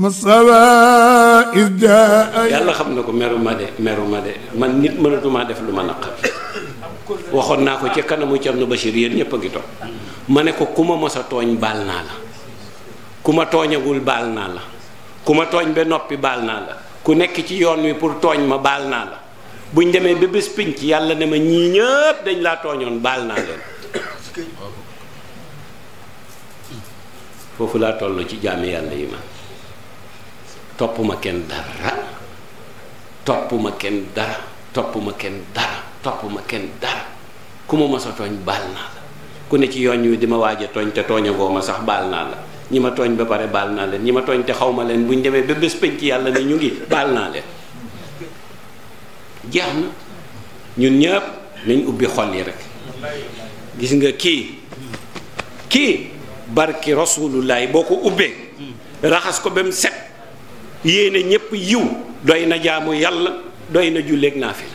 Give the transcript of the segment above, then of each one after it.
masawa yàlla xam na ko meru ma de meru ma de man nit mënatumaa def lu ma naqar waxoon naa ko ci kanamu Cerno Bachir yéen ñëpp a ngi toog ma ne ko ku ma mosa tooñ baal naa la ku ma tooñagul baal naa la ku ma tooñ ba noppi baal naa la ku nekk ci yoon wi pour tooñ ma baal naa la buñ demee ba bés pinc yàlla ne ma ñii ñëpp dañ laa tooñoon baal naa leen foofu laa toll ci jaami yàlla yi ma ma kenn dara ma kenn dara ma kenn dara ma kenn dara ku ma mos a tooñ baal naa la ku ne ci yoon wi di ma waaj a tooñ te tooñagoo ma sax baal naa la ñi ma tooñ ba pare baal naa leen ñi ma tooñ te xaw ma leen bu ñu demee ba bés penc yàlla ne ñu ngi baal naa leen jeex na ñun ñëpp nañ ubbi xol yi rek gis nga kii kii barki rasulullahi boo ko ubbee raxas ko ba mu set yéene ñépp yiw doy na jaamu yàlla doy na julleeg naafila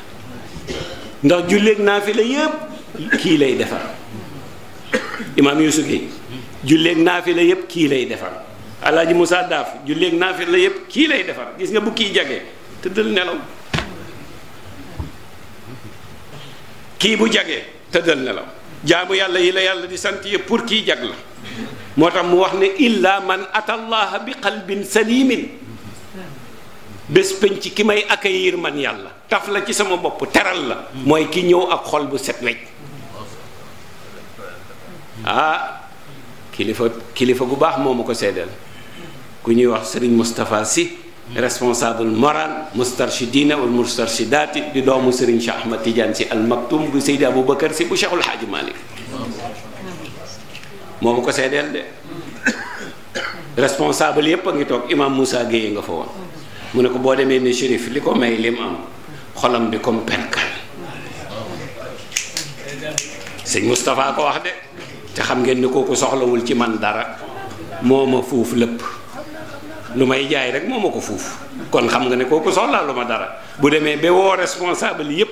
ndax julleeg naafila yépp kii lay defar imaam Yuusuf yi julleeg naafila yépp kii lay defar alaaji Moussa Daaf julleeg naafila yépp kii lay defar gis nga bu kii jagee tëddal nelaw kii bu jage tëddal nelaw jaamu yàlla yi la yàlla di sant yëpp pour kii jag la moo tax mu wax ne illa man atallaha bi qalbin salimin bés penc ki may accueillir man yàlla taf la ci sama bopp teral la mooy ki ñëw ak xol bu set wecc ah kilifa kilifa gu baax moo ma ko seddal ku ñuy wax sëriñ Moustapha Sy responsable moral mustarshidina wal mustarshidaati di doomu sëriñ Cheikh Ahmad Tidiane Sy Al Maktoum bu Seydi Aboubacar Sy bu Cheikhul Hadji Malick moo ma ko seddal de responsable yépp a ngi toog imam Moussa Gueye nga fa woon mu ne ko boo demee ne shérif li ko may lim am xolam bi comme perkal sëñ Moustapha ko wax de te xam ngeen ni ko soxlawul ci man dara moo ma fuuf lépp lu may jaay rek moo ma ko fuuf kon xam nga ne kooku soxlaa lu ma dara bu demee ba woo responsable yépp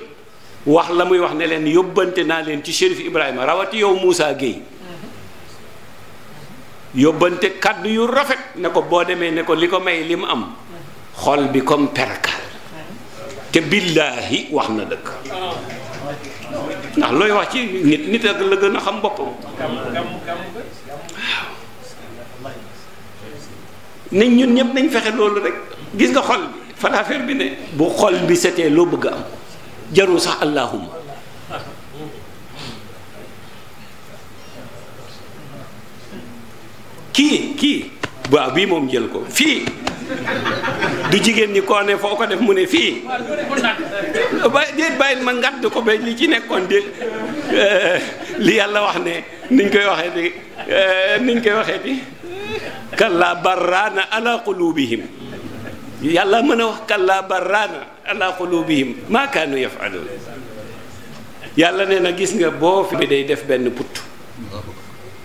wax la muy wax ne leen yóbbante naa leen ci shérif Ibrahima rawati yow Moussa Gueye yóbbante kàddu yu rafet ne ko boo demee ne ko li ko may lim am xol bi comme perkal te billaahi wax na dëkk ndax looy wax ci nit nit ak la gën a xam boppam waaw nañ ñun ñëpp nañ fexe loolu rek gis nga xol bi fan affaire bi ne bu xol bi setee loo bëgg am jarul sax allahuma kii kii waaw bii moom jël ko fii du jigéen ñi koo ne foo ko def mu ne fii ba déet bàyyil ma ngadd ko ba li ci nekkoon di eh, li yàlla wax ne niñ koy waxee di eh, niñ koy waxee di kalla barraana ala yàlla mën a wax kalla barraana ala qulubihim maa kaanu yafaluun yàlla nee na gis nga boo fi bi day def benn put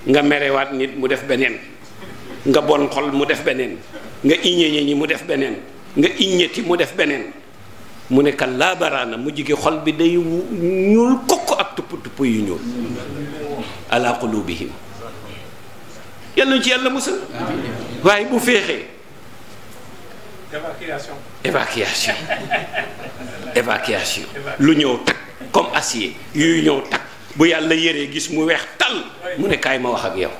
nga merewaat nit mu def beneen nga bon xol mu def beneen nga iññee mu def beneen nga iññeeti mu def beneen mu ne laabaraana mu gi xol bi day ñuul kokk ak tupp tupp yu ñuul ala qulubihim yàlla ñu ci yàlla musal waaye bu féexee évacuation évacuation lu ñëw tag comme acier yuy ñëw tag bu yàlla yére gis mu weex tal mu nekkaay ma wax ak yow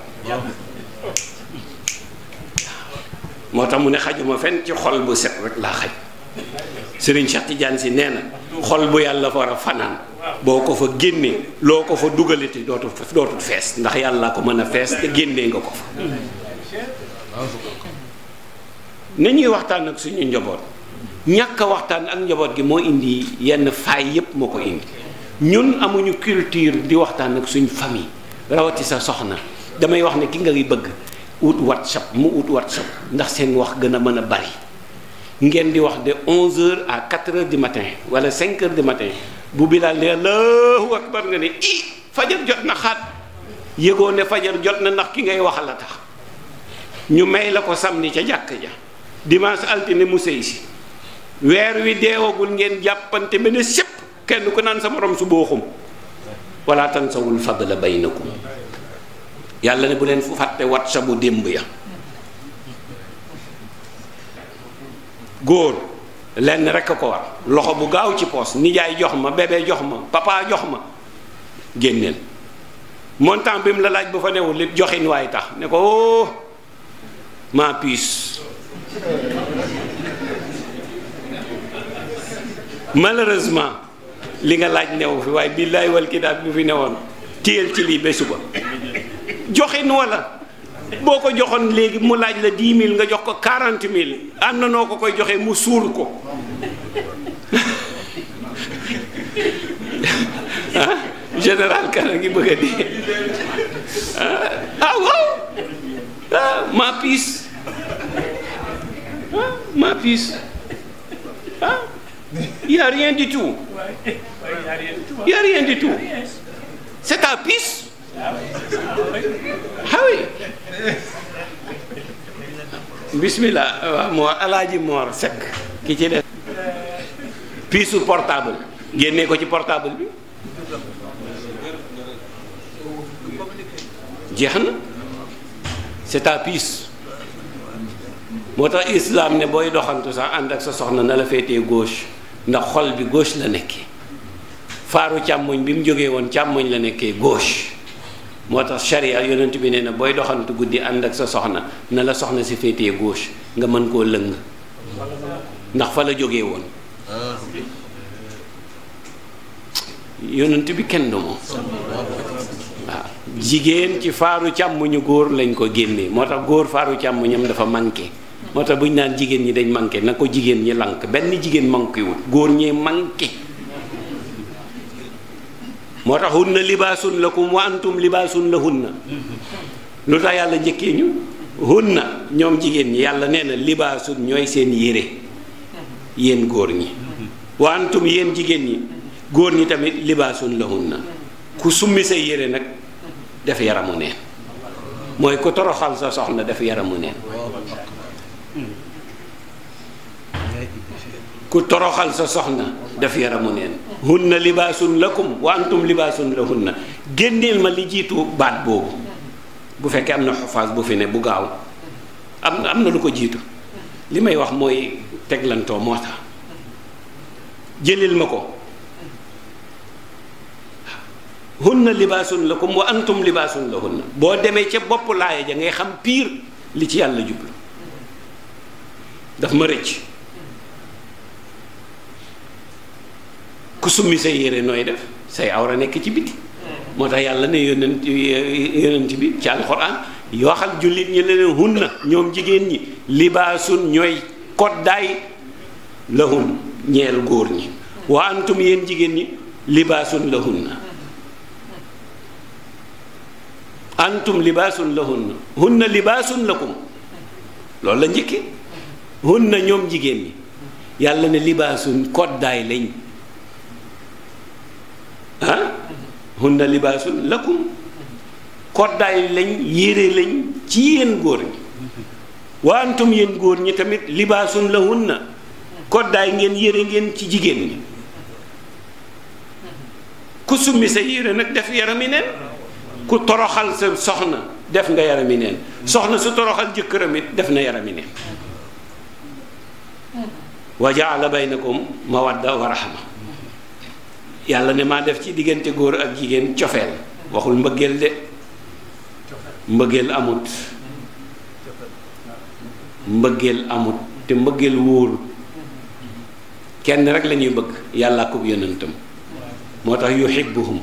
moo tax mu ne xajuma fen ci xol bu set rek laa xaj Serigne Cheikh Tidiane si nee na xol bu yàlla fa war a fanaan boo ko fa génnee loo ko fa dugalati dootu dootul fees ndax yàlla ko mën a fees te génnee nga ko fa ñuy waxtaan ak njaboot ñàkk waxtaan ak njaboot gi moo indi yenn faay yépp moo ko indi ñun amuñu culture di waxtaan ak suñ famille rawati sa soxna damay wax ne ki nga bëgg ut whatsapp mu ut whatsapp ndax seen wax gën a mën a bari ngeen di wax de 11h à 4h di matin wala 5h du matin bu bilaal ne allahu akbar nga ne i fajar jot na xaat yëgoo ne fajar jot na ndax ki ngay wax la tax ñu may la ko samedi ca jàkk ja dimanche altine mu sëy si weer wi deewagul ngeen jàppante ba si sépp kenn ku naan sa morom su booxum wala tansawul fadla baynakum yàlla ne bu leen fu fàtte whatsapp bu démb ya góor lenn rek a ko war loxo bu gaaw ci poos nijaay jox ma bébé jox ma papa jox ma génneel montant bi mu la laaj bu fa newu li joxin waay tax ne ko oh ma puce malheureusement li nga laaj newu fi waaye billaay wal kitaab bi fi newoon téyel ci lii ba suba joxin walla boo ko joxoon léegi mu laaj la dix mille nga jox ko quarante mille am na noo ko koy joxee mu suul ko ah, général Kara ngi bëgg a dee ah, ah waaw ah maa piis ah piis ah rien du tout y rien du tout c'est ta piis xawi bismillah waaw moor alaaji moor sekk ki ci des piisu portable génnee ko ci portaabal bi jeex na c'est ta pièce moo tax islam ne booy doxantu sax ànd ak sa soxna na la féetee gauche ndax xol bi gauche la nekkee faaru càmmoñ bi mu jógee woon càmmoñ la nekkee gauche moo tax sharia yonent bi nee na booy doxantu guddi ànd ak sa soxna na la soxna si féetee gauche nga mën koo lëng ndax fa la jógee woon yonent bi kenn du waaw jigéen ci faaru càmmuñu góor lañ ko génnee moo tax góor faaru càmmuñam dafa manke moo tax bu naan jigéen ñi dañ manqué na ko jigéen ñi lank benn jigéen manqué wul góor ñee manqué moo tax hunna libaasun lakum wa antum libaasun lahunna lu tax yàlla njëkkee ñu hunna ñoom jigéen ñi yàlla nee na libaasun ñooy seen yére yéen góor ñi wa antum yéen jigéen ñi góor ñi tamit libaasun lahunna ku summi sa yére nag def yaramu neen mooy ku toroxal sa soxna def yaramu neen ku toroxal sa soxna def yaramu neen hunna libaasun lakum wa antum libaasun lahunna génneel ma li jiitu baat boobu bu fekkee am na xufaas bu fi ne bu gaaw am am na lu ko jiitu li may wax mooy teglantoo moo tax jëlil ma ko hunna libaasun lakum wa antum libaasun lahunna boo demee ca bopp laaya ja ngay xam piir li ci yàlla jublu daf ma rëcc ku summi sa yére nooy def say a nekk ci biti moo tax yàlla na yonent yonent bi ci alxuraan yoo xam jullit ñi leen na ñoom jigéen ñi libaasun ñooy koddaay lahum ñeel góor ñi wa antum yéen jigéen ñi libaasun lahunna antum libaasun lahunna hunna libaasun lakum loolu la njëkki hunna ñoom jigéen ñi yàlla ne libaasun koddaay lañ ah hunna libaasun lakum koddaay lañ yére lañ ci yéen góor ñi wa antum yéen góor ñi tamit libaasun la hunna koddaay ngeen yére ngeen ci jigéen ñi ku summi sa yére nag def yarami neen ku toroxal sa soxna def nga yarami neen soxna su toroxal jëkkëram it def na yarami neen wa jaala baynakum mawadda wa rahma yàlla ne maa def ci diggante góor ak jigéen cofeel waxul mbëggeel de mbëggeel amut mbëggeel amut te mbëggeel wóoru kenn rek lañuy bëgg yàlla ko yonentam moo tax yuhibbuhum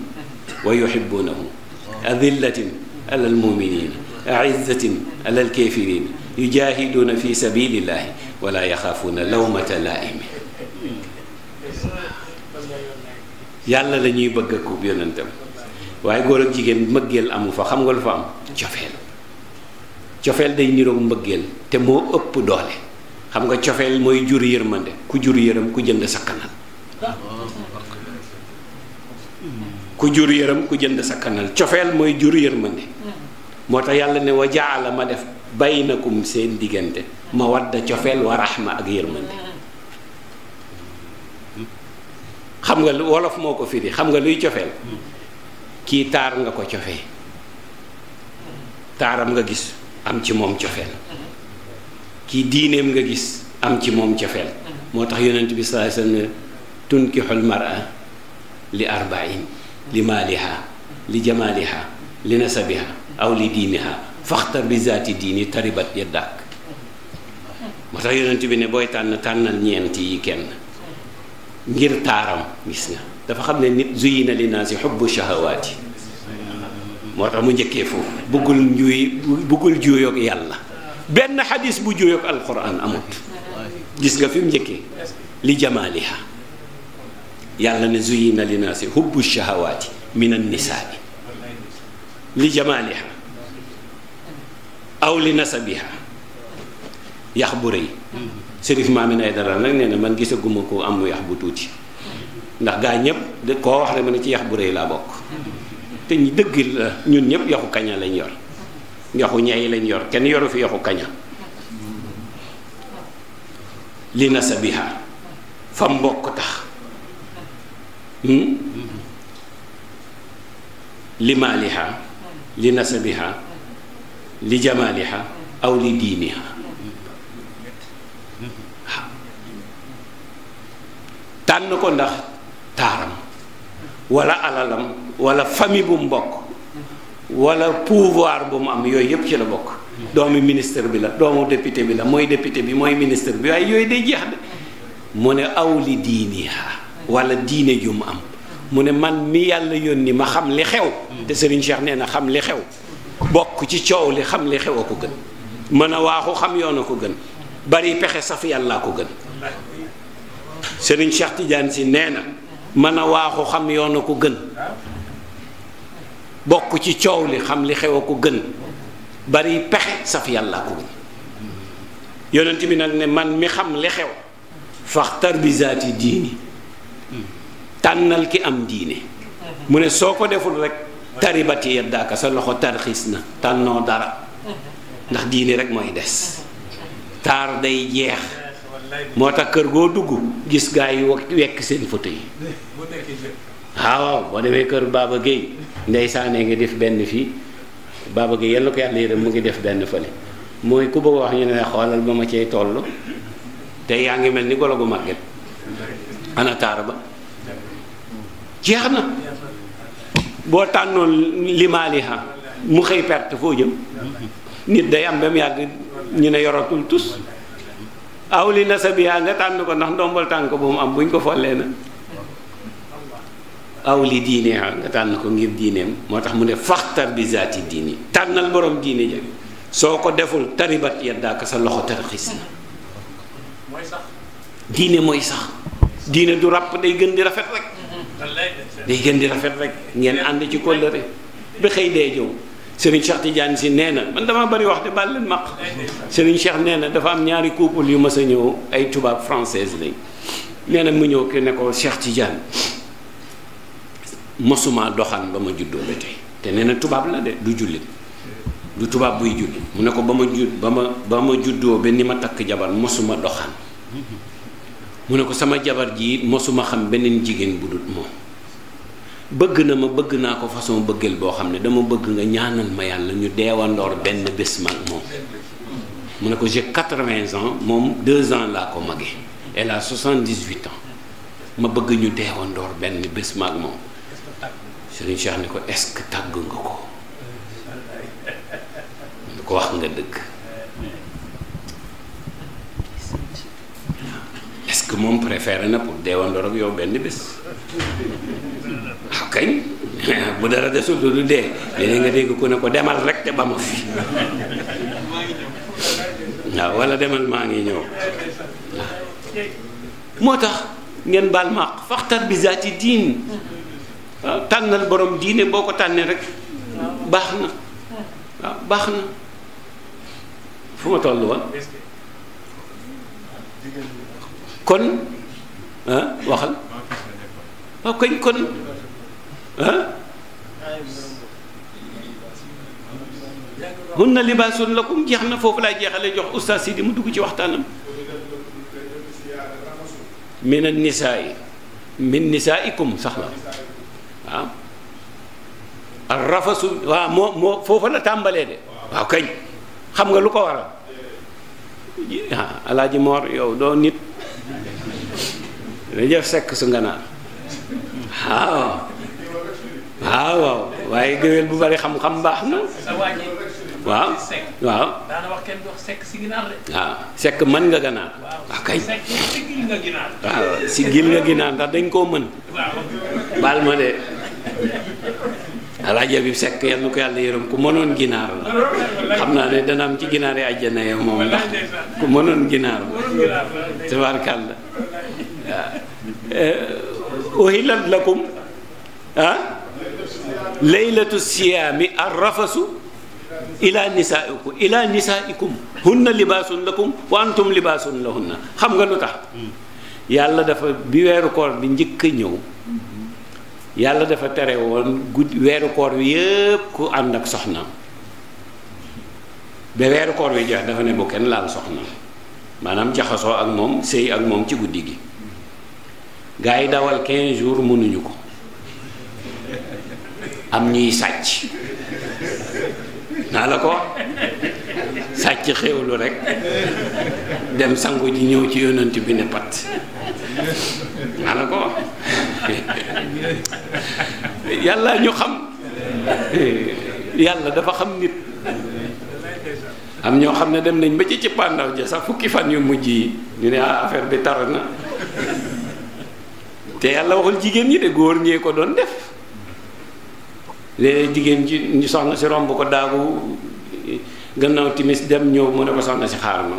wa yuhibbunahu adillatin alal muminina aizzatin alal kafirina yujahiduuna fi sabilillahi wala yaxaafuuna lawmata laimi yàlla la bëgg ak ko yonentam waaye góor ak jigéen mbëggeel amu fa xam nga lu fa am cofeel cofeel day niroog mbëggeel te moo ëpp doole xam nga cofeel mooy jur yërmande ku jur yërëm ku jënd sa kanal ku jur yërëm ku jënd sa kanal cofeel mooy jur yërmande moo tax yàlla ne wa jaala ma def bàyyi mu seen diggante ma wadda cofeel wa rahma ak yërmande xam nga wolof moo ko firi xam nga luy cofeel kii taar nga ko cofee taaram nga gis am ci moom cofeel kii diineem nga gis am ci moom cofeel moo tax yonent bi sallallahu alayhi wasallam tunkihul mar'a li arba'in li maaliha li jamaaliha li nasabiha aw li diiniha faxtar bi zaati diini taribat ya dàkk moo tax yonent bi ne booy tànn tànnal ñeent yi kenn ngir taaram gis nga dafa xam ne nit zuyina li naasi xubbu shahawaati moo tax mu njëkkee foofu bëggul njuuy bëggul juuyoog yàlla benn xadis bu juuyoog alquran amut gis nga fi mu njëkkee li jamaaliha yàlla ne zuyina li naasi xubbu shahawaati min annisaabi li jamaaliha aw li nasabiha yax bu rëy Sërif Maamine Aydara nag nee na man gisaguma ko am yax bu tuuti ndax gaa ñëpp koo wax rek ma ne ci yax bu réy laa bokk te ñu dëgg la ñun ñëpp yoxu kaña lañ yor yaxu ñay lañ yor kenn yoru fi yaxu kaña li na sa fa mbokk tax hmm? li maaliha li na li jamaaliha aw li diiniha tànn ko ndax taaram wala alalam wala famille bu mu bokk wala pouvoir bu mu am yooyu yëpp ci la bokk doomi ministre bi la doomu député bi la mooy député bi mooy ministre bi waaye yooyu day jeex de mu ne aw li diiniha walla diine ju am mu ne man mi yàlla yónni ma xam li xew te Serigne Cheikh nee na xam li xew bokk ci coow li xam li xew a ko gën mën a waaxu xam yoon a ko gën bari pexe saf yàllaa ko gën Serigne Cheikh Tidiane si nee na mën a waaxu xam yoon a ko gën bokk ci coow li xam li xew a ko gën bari pexe saf yàlla ko gën yonent bi nag ne man mi xam li xew faxtar bi zaati diini tànnal ki am diini mu ne soo ko deful rekk taribati yaddaaka sa loxo tarxiis na tànnoo dara ndax diine rek mooy des taar day jeex moo tax kër goo dugg gis gaa yi wekk seen photo yi ah, waaw boo demee kër Baba Guèye ndeysaanee ngi def benn fii Baba Guèye yal na ko yàlla yërëm mu ngi def benn fële mooy ku bëgg wax ñu ne xoolal ba ma cay toll te yaa ngi mel ni golo gu màgget ana taar ba jeex na boo tànnoon limaaliha mu xëy perte foo jëm nit day am ba mu yàgg ñu ne yoratul tus aw li nasabiha nga tànn ko ndax ndombal tànk bu mu am buñ ko follee na aw li diineha nga tànn ko ngir diineem moo tax mu ne fax bi zaati diini tànnal borom diine soo ko deful taribat yaddaaka sa loxo tarxis na diine mooy sax diine du ràpp day gën di rafet rek day gën di rafet rek ngeen ànd ci kóllëre ba xëy dee jow Serigne Cheikh Tidiane si nee na man dama bari wax te baal leen max Serigne Cheikh nee na dafa am ñaari couple yu mas a ñëw ay tubaab française lañ nee na mu ñëw ki ne ko Cheikh Tidiane mosuma doxaan ba ma juddoo ba te nee na tubaab la de du jullit du tubaab buy julli mu ne ko ba ma jud juddoo ba ni ma takk jabar mosuma doxaan mu ne ko sama jabar ji mosuma xam beneen jigéen bu dul moom bëgg na ma bëgg naa ko façon bëggeel boo xam ne dama bëgg nga ñaanal ma yàlla ñu deewandoor benn bés man moom mu ne ko j'ai quatre-vingts ans moom deux ans laa ko magee elle a soixante-dix-huit ans ma bëgg ñu deewandoor benn bés maag moom Serigne Cheikh ne ko est-ce que tàgg nga ko ñu ko wax nga dëgg est-ce que moom préféré na pour deewandoor ak yow benn bés kañ bu dara desul du dee léeg nga dégg ku ne ko demal rek te ba ma fi waaw wala demal maa ngi ñëw moo tax ngeen baal ma faxtar bi zaati diin tànnal borom diine boo ko tànnee rek baax na waaw baax na fu ma toll woon kon ah, waxal waaw kañ kon hun na libaasun lakum jeex na foofu laay jeexale jox oustaz Sidi mu dugg ci waxtaanam min an nisaai min nisaikum sax la waaw ar rafasu waaw moo moo foofa la tàmbalee de waaw kañ xam nga lu ko waral ah alaaji Mor yow doo nit dajëf sekk su nganaar waaw ah waaw waaye géwél bu bari xam-xam baax na. waaw waaw. waaw ah, sekk mën nga ganaar. waaw ah, kay. waaw ah, nga ginaar ndax dañ koo mën. baal ma de rajo bi sekk yal na ko yàlla yërëm ku mënoon ginaar la xam naa ne dana am ci ginaar yi àjjana yow moom ndax ku mënoon ginaar la tabaarkàlla waaw. Eh, uhillat lakum ah. laylatu siyaami arrafasu ila nisaikum ila nisaikum hunna libaasun lakum wa antum libaasun lahunna xam nga lu tax yàlla dafa bi weeru koor bi njëkk a ñëw yàlla dafa tere woon guddi weeru koor wi yépp ku ànd ak soxna ba weeru koor wi jeex dafa ne bu kenn laal soxna maanaam jaxasoo ak moom sëy ak moom ci guddi gi gaa yi dawal 15 jours mënuñu ko am ñuy sàcc naa la ko sàcc xéwlu rek dem sangu ji ñëw ci yonent bi ne pat naa la ko yàlla ñu xam yàlla dafa xam nit am ñoo xam ne dem nañ ba ci ci ja sax fukki fan yu mujj yi ñu ne ah affaire bi tar na te yàlla waxul jigéen ñi de góor ñee ko doon def léeg-léeg jigéen ji ñu soxna si romb ko daagu gannaaw timis dem ñëw mu ne ko soxna si xaar ma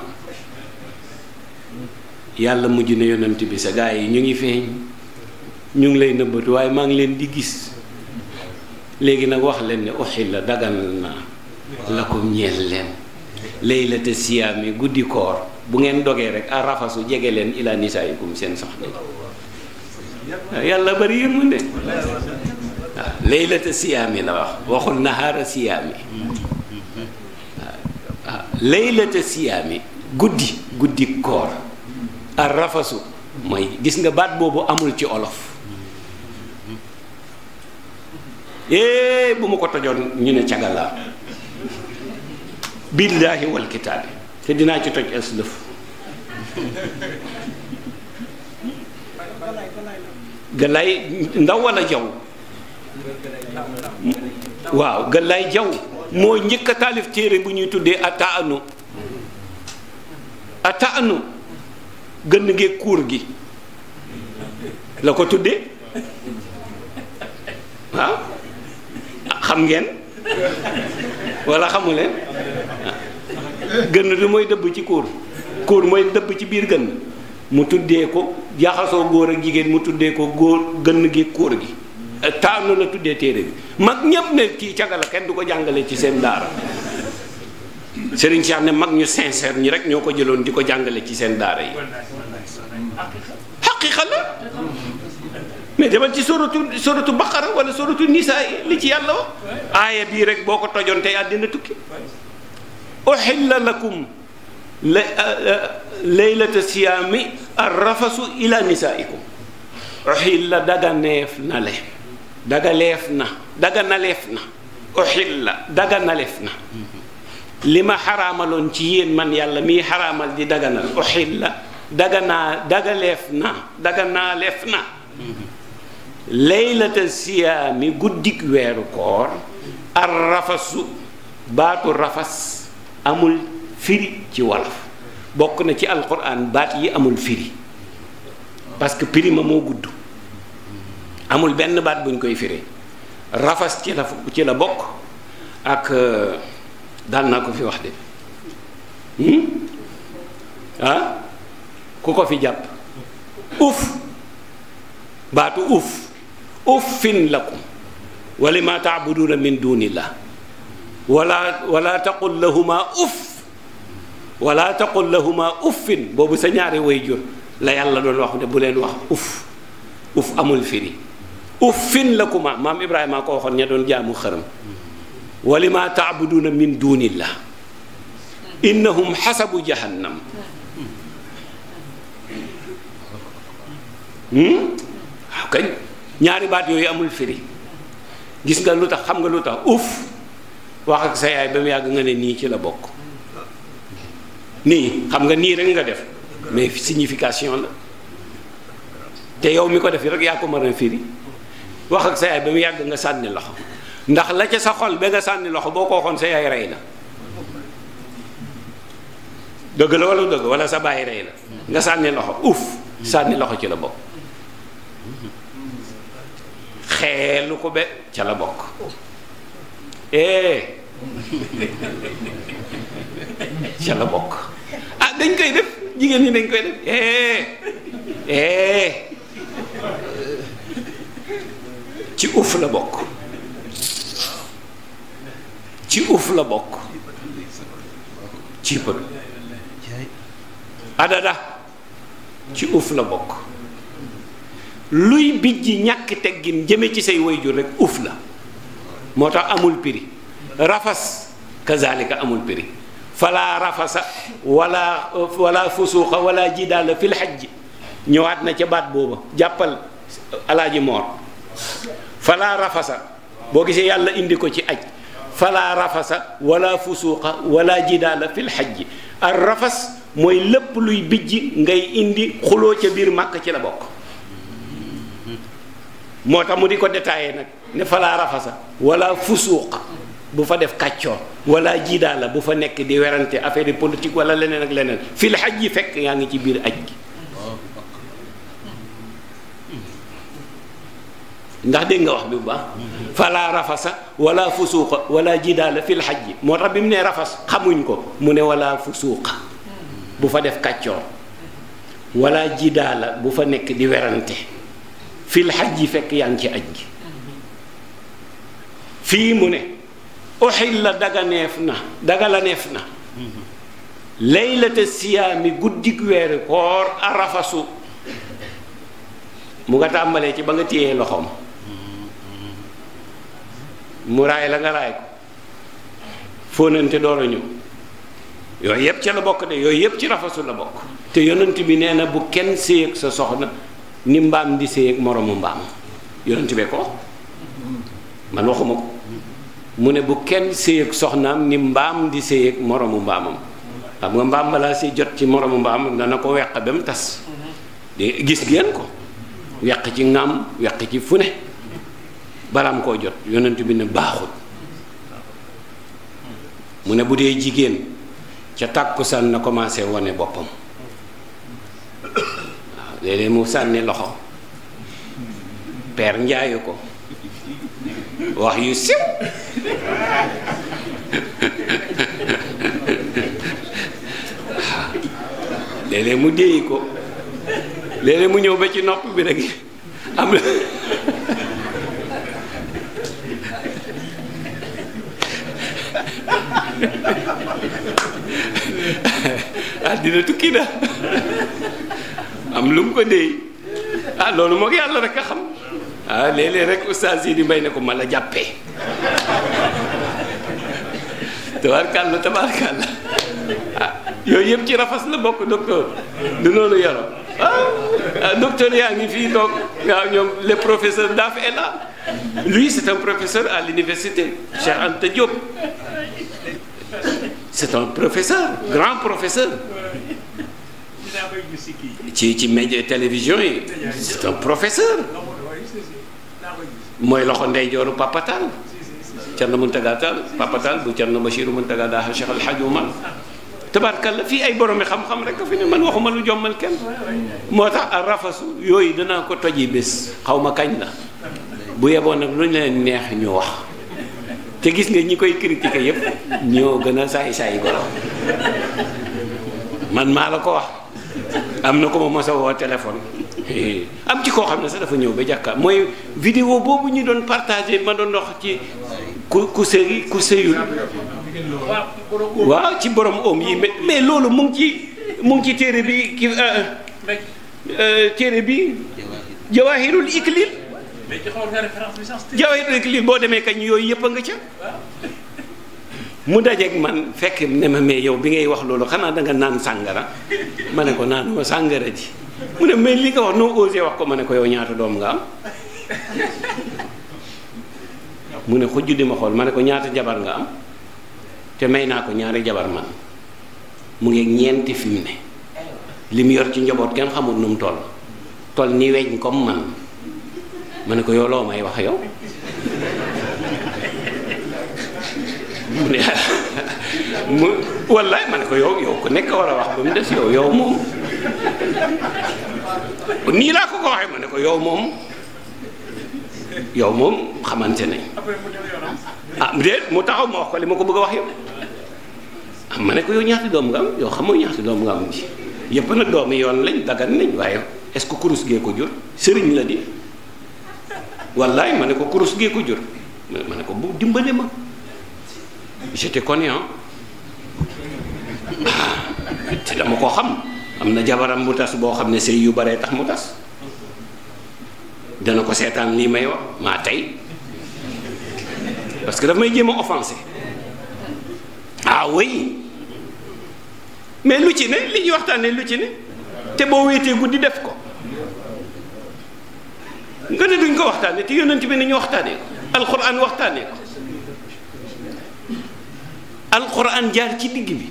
yàlla mujj na yonent bi sa gaa yi ñu ngi feeñ ñu ngi lay nëbbatu waaye maa ngi leen di gis léegi nag wax leen ne uxil la daganal naa la ko ñeel leen laylata siyaami guddi koor bu ngeen dogee rek a rafasu jege leen ila nisaayikum seen soxna yàlla bari yërmande waaw laylata siyaami la wax waxul nahaara siyaami waaw laylata siyaami guddi guddi koor ar rafasu mooy gis nga baat boobu amul ci olof eh bu ma ko tojoon ñu ne cagalaa billaahi wal te dinaa ci toj as lëf ndaw wala jaw waaw Galaye jaw moo njëkk a taalif téere bu ñuy tuddee ataanu ataanu gën ngee kuur gi la ko tuddee waaw xam ngeen wala xamu leen gën du mooy dëbb ci kuur kuur mooy dëbb ci biir gën mu tuddee ko jaxasoo góor ak jigéen mu tuddee ko góor gën gi kuur gi Eh, taanu la tuddee téere bi mag ñépp ne kii cagala kenn du ko jàngale ci seen daara Serigne Cheikh ne mag ñu sincère ñi rek ñoo ko jëloon di ko jàngale ci seen daara yi xaqiqa la mais demal ci suratu suratu baqara wala suratu nisaa li ci yàlla wax aaya bii rek boo ko tojoon tey àddina tukki uhilla lakum laylata siyaami arrafasu ila nisaaikum uhilla daganeef na le dagaleef na daganaleef na uxil la daganaleef na li ma xaramaloon ci yéen man yàlla mii xaraamal di daganal uxil la daganaa dagaleef na daganaaleef na laylata siyaami guddik weeru koor ar rafasu baatu rafas amul firi ci wolof bokk na ci alquran baat yi amul firi parce que prima moo gudd amul benn baat buñ koy firi rafas ci la ci la bokk ak euh, daan naa ko fi wax de hmm? ah? ku ko fi jàpp uf baatu uf uffin fin wa lima taabuduuna min dunillah wala wala taqul lahuma uff wala taqul lahuma uffin boobu sa ñaari way jur la yàlla doon wax ne bu leen wax uf uf amul firi uffin lakuma maam Ibrahima ko waxoon ña doon jaamu xërëm walima taabuduna min dunillah innahum xasabu jahannam hmm? waaw kañ ñaari baat yooyu amul firi gis nga lu tax xam nga lu tax uf wax ak sa yaay ba mu yàgg nga ne nii ci la bokk nii xam nga nii rek nga def mais signification la te yow mi ko def rek yaa ko mën firi wax ak sa yaay ba mu yàgg nga sànni loxo ndax la ca sa xol ba nga sànni loxo boo ko waxoon sa yaay rey na dëgg la wala dëgg wala sa bàyyi rey na nga sànni loxo uff sànni loxo ci la bokk xeelu ko be ca la bokk eh. ca la bokk ah dañ koy def jigéen ñi dañ koy def eh, eh. uf la bokk ci uf la bokk ci bët adada ci uuf la bokk luy bijji ñàkk teggin jëme ci say wayjur rek uuf la moo tax amul piri rafas kazalika amul piri fala rafasa wala wala fusuuqa wala jidaala fil xajji ñëwaat na ca baat booba jàppal alaaji moor falaa rafasa boo gisee yàlla indi ko ci aj falaa rafasa wala fusuuqa wala la fil xajji ar rafas mooy lépp luy bijj ngay indi xuloo ca biir màkk ci la bokk moo tax mu di ko détaillé nag ne falaa rafasa wala fusuuqa bu fa def kàccoo wala jidaala bu fa nekk di werante affaire politique wala leneen ak leneen fil xajji fekk yaa ngi ci biir aj gi ndax dégg nga wax bi bu baax falaa rafasa wala fusuuqa wala jidaala fil xaj xajji moo tax bi mu nee rafas xamuñ ko mu ne wala fusuuqa bu fa def kàccoor wala jidaala bu fa nekk di werante fil xajji fekk yaa ci aj gi fii mu ne uxil la daganeef na dagalaneef na laylata siyaami guddig weeru koor arafasu mu nga tàmbalee ci ba nga téyee loxoom mu raay la nga raay ko fóonante door a ñëw yooyu yëpp ca la bokk de yooyu yëpp ci rafasu la bokk te yonent bi nee na bu kenn séy ak sa soxna ni mbaam di séy ak moroomu mbaam yonent bee ko man mu ne bu kenn séy ak ni mbaam di moroomu mbaamam xam nga mbaam balaa si jot ci moroomu mbaam dana ko weq ba mu tas mm-hmm. di gis geen ko weq ci ŋaam weq ci fu ne balaam koo jot yonent bi ne baaxut mu ne bu dee jigéen ca tàkkusaan na commencé wane boppam waaw léeg mu sànni loxo peer njaayu ko wax yu siw léeg mu déyi ko léeg mu ñëw ba ci nopp bi rek am àddina tukki na am lu mu ko déy ah loolu moog yàlla rek a xam ah léeg rek oustaz yi di mbay ne ko ma la jàppee tabaarkàlla tabaarkàlla ah yooyu yëpp ci rafas la bokk docteur du noonu yoro ah, ah docteur yaa ngi fii toog waaw ñoom les professeurs daaf est là lui c'est un professeur à l'université Cheikh Anta Diop c'est un professeur grand professeur ci ci média télévision yi c'est un professeur mooy loxo ndeyjooru Papa Tall Thierno Mountaga Tall Papa Tall bu Thierno Bachirou Mountaga Daha Cheikh El Hadj Oumar fii ay boromi xam-xam rek fi ne man waxuma lu jommal kenn moo tax a rafasu yooyu danaa ko toji bés xaw ma kañ la bu yeboon nag lu ñu leen neex ñu wax te gis nga ñi koy critiquer yépp ñoo gën a saay saay golo man maa la ko wax am na ko ma mos a téléphone am ci koo xam ne sax dafa ñëw ba jàkka mooy vidéo boobu ñu doon partagé ma doon dox ci ku ku sëyi ku sëyul waaw ci borom oom yi mais loolu mu ngi ci mu ci téere bi ki euh, euh, téere bi jawahirul iklil jawahirul iklil boo demee kañ yooyu yëpp a nga ca mu dajeeg man fekk ne ma mais yow bi ngay wax loolu xanaa danga naan sàngara ma ne ko naanuma sàngara ji mu ne mais li nga wax noo osé wax ko ma ne ko yow ñaata doom nga mu ne xujj di xool ma ne ko ñaata jabar nga am te may naa ko ñaari jabar man mu ngi ñeenti fi ne li mu yor ci njaboot kenn xamul nu mu toll toll ni weñ comme man ma ne ko yow loo may wax yow mu ne wallaay ma ne ko yow yow ko nekk war a wax ba mu des yow yow moom nii laa ko ko waxee ma ne ko yow moom yow moom xamante nañ ah déet mu taxaw ma wax ko li ma ko bëgg a wax yow ah ma ne ko yow ñaati doom nga am yow xamoo ñaati doom nga am ji yëpp nag doomi yoon lañ dagan nañ waaye est-ce que kurus gee ko jur sëriñ la di wallaay ma ne ko kurus gee ko jur ma ne ko bu dimbale ma je te ah, te dama ko xam am na jabaram bu tas boo xam ne sëy yu baree tax mu tas dana ko seetaan lii may wax maa tey parce que daf may jéem a offensé ah oui mais lu ci ne li ñuy waxtaanee lu ci ne te boo wéetee guddi def ko nga ne duñ ko waxtaanee te yonent bi nañu waxtaanee ko alxuraan waxtaanee ko. alquran jaar ci digg bi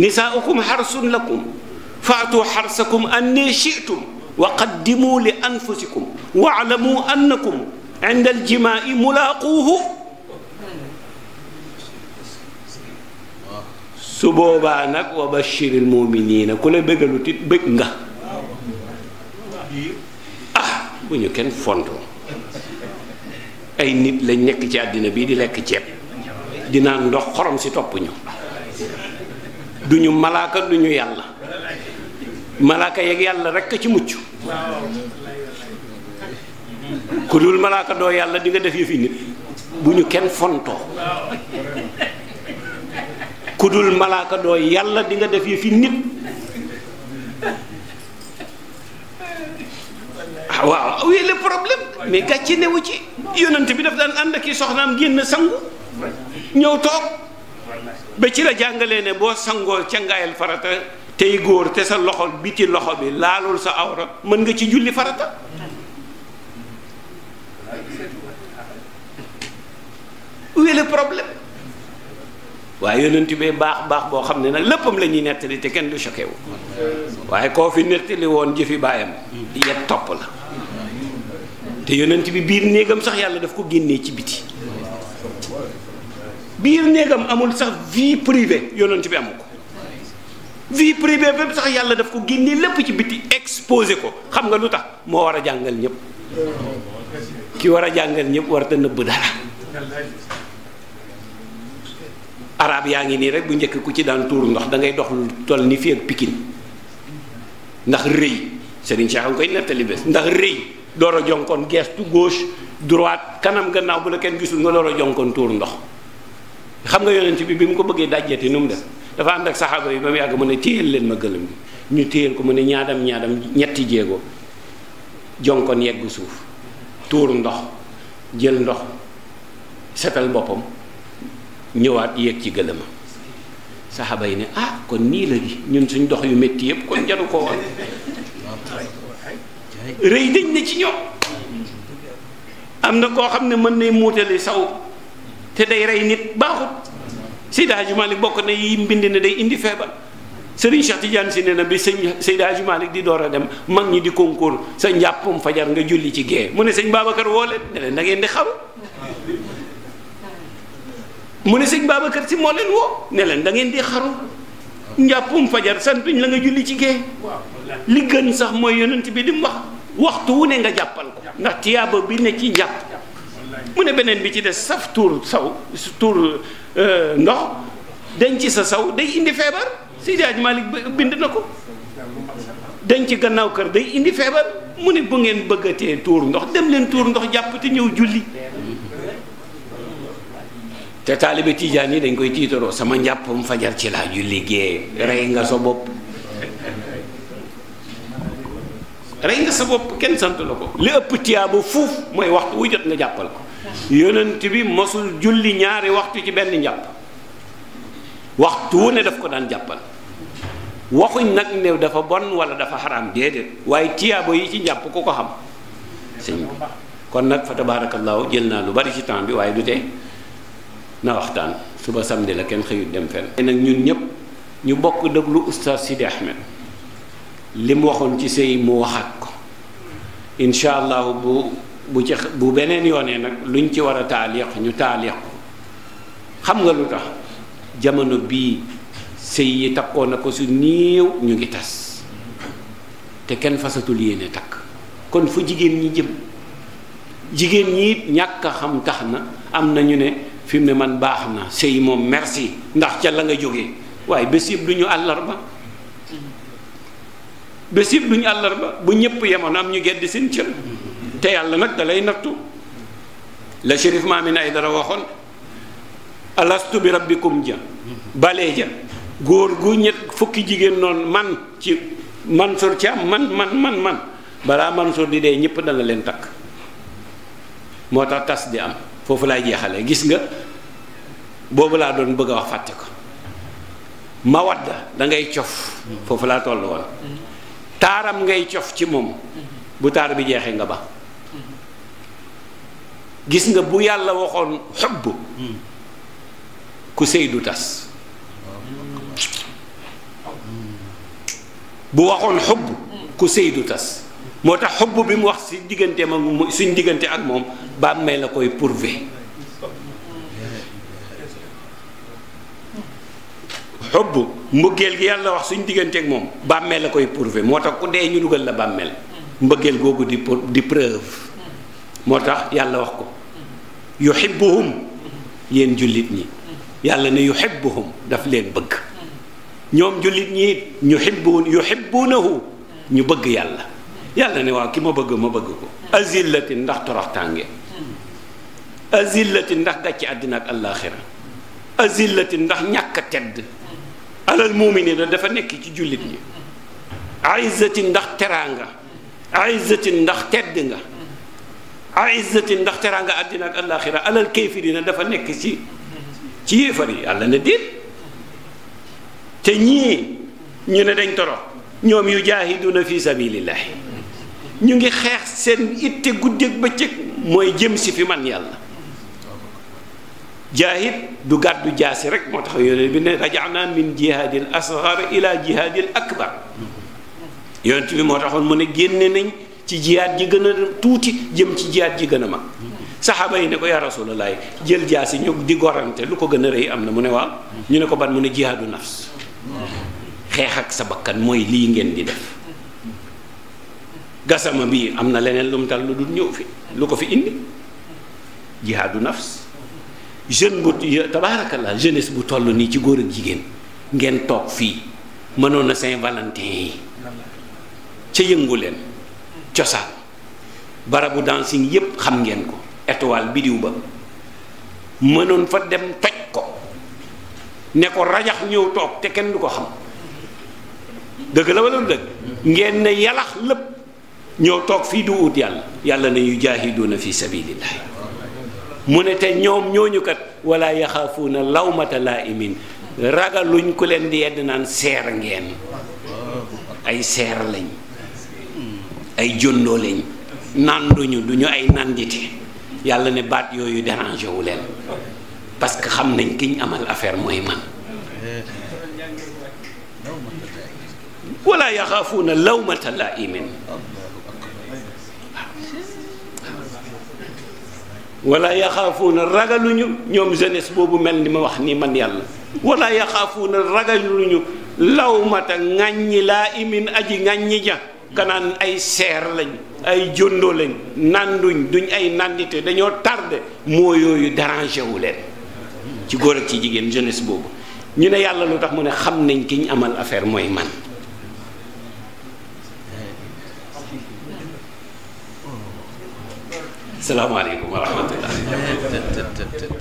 nisaaukum xarsun lakum faatu xarsakum anni shitum wa qaddimu li anfusikum waalamu annakum inda aljimaai mulaaquuhu su boobaa nag wa bashiril muminina ku la bëggalu tit bëgg nga ah bu ñu kenn fontoo ay nit lañ nekk ci àddina bii di lekk ceeb di naan ndox xorom si topp ñu du ñu malaaka du yàlla malaaka yeeg yàlla rekk a ci mucc kudul dul malaaka doo yàlla di nga def yëfi nit bu ñu kenn fontoo ku dul yàlla di nga def yëfi nit waaw oui le problème mais gàcce newu ci yonent bi daf daan ànd ak i soxnaam génn sangu ñëw toog ba ci la jàngalee ne boo sangoo cangaayal farata tey góor te sa loxo biti loxo bi laalul sa awra mën nga ci julli farata où est le problème waaye yonent bi baax baax boo xam ne nag léppam la ñuy nettali te kenn du choqué wu waaye koo fi nettali woon jëfi baayam yet topp la te yonent bi biir néegam sax yàlla daf ko génnee ci biti biir néegam amul sax vie privée yonent bi amu ko vie privée bépp sax yàlla def ko génne lépp ci biti exposé ko xam nga lu tax moo war a jàngal ñëpp ki war a jàngal ñëpp war te nëbb dara arab yaa ngi nii rek bu njëkk ku ci daan tuur ndox dangay ngay dox toll ni fii ak Pikine ndax rëy Serigne Cheikh nga koy nettali bés ndax rëy door a jonkoon gestu gauche droite kanam gannaaw bu la kenn gisul nga door a jonkoon tuur ndox xam nga yonent bi bi mu ko bëggee dajjati nu mu def dafa ànd ak saxaaba yi ba mu yàgg mu ne téyel leen ma gëlëm bi ñu téyel ko mu ne ñaadam ñaadam ñetti jéego jonkon yegg suuf tuur ndox jël ndox setal boppam ñëwaat yéeg ci gëlëma saxaaba yi ne ah kon nii la gi ñun suñ dox yu metti yëpp kon jaru ko woon rëy dañ ne ci ñoom am na koo xam ne mën nay muutali saw te day rey nit baaxut Seydi Hadji Malick bokk na yi mbind ne day indi feebar Serigne Cheikh Tidiane si ne na bi sëñ Seydi Hadji di door a dem mag ñi di concours sa njàppum fajar nga julli ci gée mu ne sëñ Babacar woo leen ne da ngeen di xaru mu ne sëñ Babacar si moo leen woo ne leen da ngeen di xaru njàppum fajar santuñ la nga julli ci gée li gën sax mooy yonent bi li mu wax waxtu wu ne nga jàppal ko ndax tiyaaba bi ne ci njàpp mu ne beneen bi ci des saf tuur saw tuur euh, ndox ci sa saw day indi feebar Seydi Hadji Malick bind na ko ci gannaaw kër day indi feebar mu ne bu ngeen bëggatee tuur ndox dem leen tuur ndox jàpp te ñëw julli te taalibe tiijaan yi dañ koy tiitaroo sama mu fajar ci laa julli gée rey nga sa bopp rey nga sa bopp kenn sant la ko li ëpp tiyaa ba fuuf mooy waxtu wu jot nga jàppal ko yonent bi mosul julli ñaari waxtu ci benn njàpp waxtu wu ne daf ko daan jàppal waxuñ nag ne dafa bon wala dafa xaraam déedéet waaye tiyaabo yi ci njàpp ku ko xam sëñ bi kon nag fa tabaarakallaahu jël naa lu bari ci temps bi waaye du tee na waxtaan suba samedi la kenn xëyul dem fenn nag ñun ñëpp ñu bokk déglu oustaz Sidi Ahmed li mu waxoon ci sëy mu waxaat ko incha allahu bu bu ci bu beneen yoonee nag luñ ci war a taaliix ñu taaliix xam nga lu tax jamono bii sëy yi takkoon na ko su néew ñu ngi tas te kenn fasatul yéene takk kon fu jigéen ñi jëm jigéen ñi ñàkk a xam tax na am na ñu ne fi mu ne man baax na sëy moom merci ndax ca la nga jóge waaye bés yëpp du ñu àllarba bés yëpp du ñu àllarba bu ñëpp yemoon am ñu gedd seen cër. te yàlla nag da lay nattu la shérif Maamin dara waxoon alastu bi rabbikum ja balee ja góor gu ñett fukki jigéen noonu man ci Mansour Thiam man man man man balaa Mansour di dee ñëpp dana leen takk moo tax tas di am foofu laay jeexale gis nga boobu laa doon bëgg a wax fàtte ko mawadda da ngay cof foofu laa toll woon taaram ngay cof ci moom bu taar bi jeexee nga ba gis nga bu yàlla waxoon xubb ku sëy du tas bu waxoon xubb ku sëy du tas moo tax xubb bi mu wax si diggante ma suñ diggante ak moom bàmmeel la koy prouver xubb mbëggeel gi yàlla wax suñ diggante ak moom bàmmeel la koy prouver moo tax ku dee ñu dugal la bàmmeel mbëggeel googu di di preuve moo tax yàlla wax ko yuhibbuhum yéen jullit ñi yàlla ne yuhibbuhum daf leen bëgg ñoom jullit ñi it yuhibbuun yuhibbuunahu ñu bëgg yàlla yàlla ne waaw ki ma bëgg ma bëgg ko azillatin ndax toroxtaange azillatin ndax gàcc àddina ak allaaxira azillatin ndax ñàkk a tedd alal muuminiina dafa nekk ci jullit ñi aizatin ndax teraanga aizatin ndax tedd nga aizzatin ndax teraanga àddina ak alaaxira alal kéefirina dafa nekk ci ci yéefar yi yàlla ne déet te ñii ñu ne dañ torox ñoom yu jaahiduna fi sabilillahi ñu ngi xeex seen itte guddeeg bëccëg mooy jëm si fi man yàlla jaahid du gàddu jaasi rek moo tax yonent bi ne rajaana min jihaadil asgar ila jihaadil akbar yonent bi moo taxoon mu ne génne nañ ci jihaat ji gën a tuuti jëm ci jihaat ji gën a mag saxaaba yi ne ko yaa rasulallah jël jaasi ñu di gorante lu ko gën a rëy am na mu ne waaw ñu ne ko ban mu ne jihaadu nafs xeex ak sa bakkan mooy lii ngeen di def gasama bi am na leneen lu mu tal lu dul ñëw fi lu ko fi indi jihaadu nafs jeune bu tabaarakallah jeunesse bu toll nii ci góor ak jigéen ngeen toog fii mënoon na Saint-Valentin yi ca yëngu leen cosaan barabu dancing yépp xam ngeen ko étoile bidiw ba mënoon fa dem toj ko ne ko rajax ñëw toog te kenn du ko xam dëgg la wala dëgg ngeen ne yalax lépp ñëw toog fii du ut yàlla yàlla na yu jaahiduuna fi sabilillahi mu ne te ñoom ñooñu kat wala yaxaafuuna lawmata laa'imin ragaluñ ku leen di yedd naan seer ngeen ay seer lañ ay jondoo lañ nanduñu du ay nandite yàlla ne baat yooyu dérangé wu parce que xam nañ kiñ ñu amal affaire mooy man wala yaxaafuuna lawmata laa'imin wala yaxaafuuna ragaluñu ñoom jeunesse boobu mel ni ma wax nii man yàlla wala yaxaafuuna ragaluñu lawmata ŋàññi laa imin aji ŋàññi ja kanaan ay seer lañ ay jóndoo lañ nanduñ duñ ay nandite dañoo tardé moo yooyu dérangé wu leen ci góor ak ci jigéen jeunesse boobu ñu ne yàlla lu tax mu ne xam nañ ki ñu amal affaire mooy man salaamaaleykum wa rahmatullah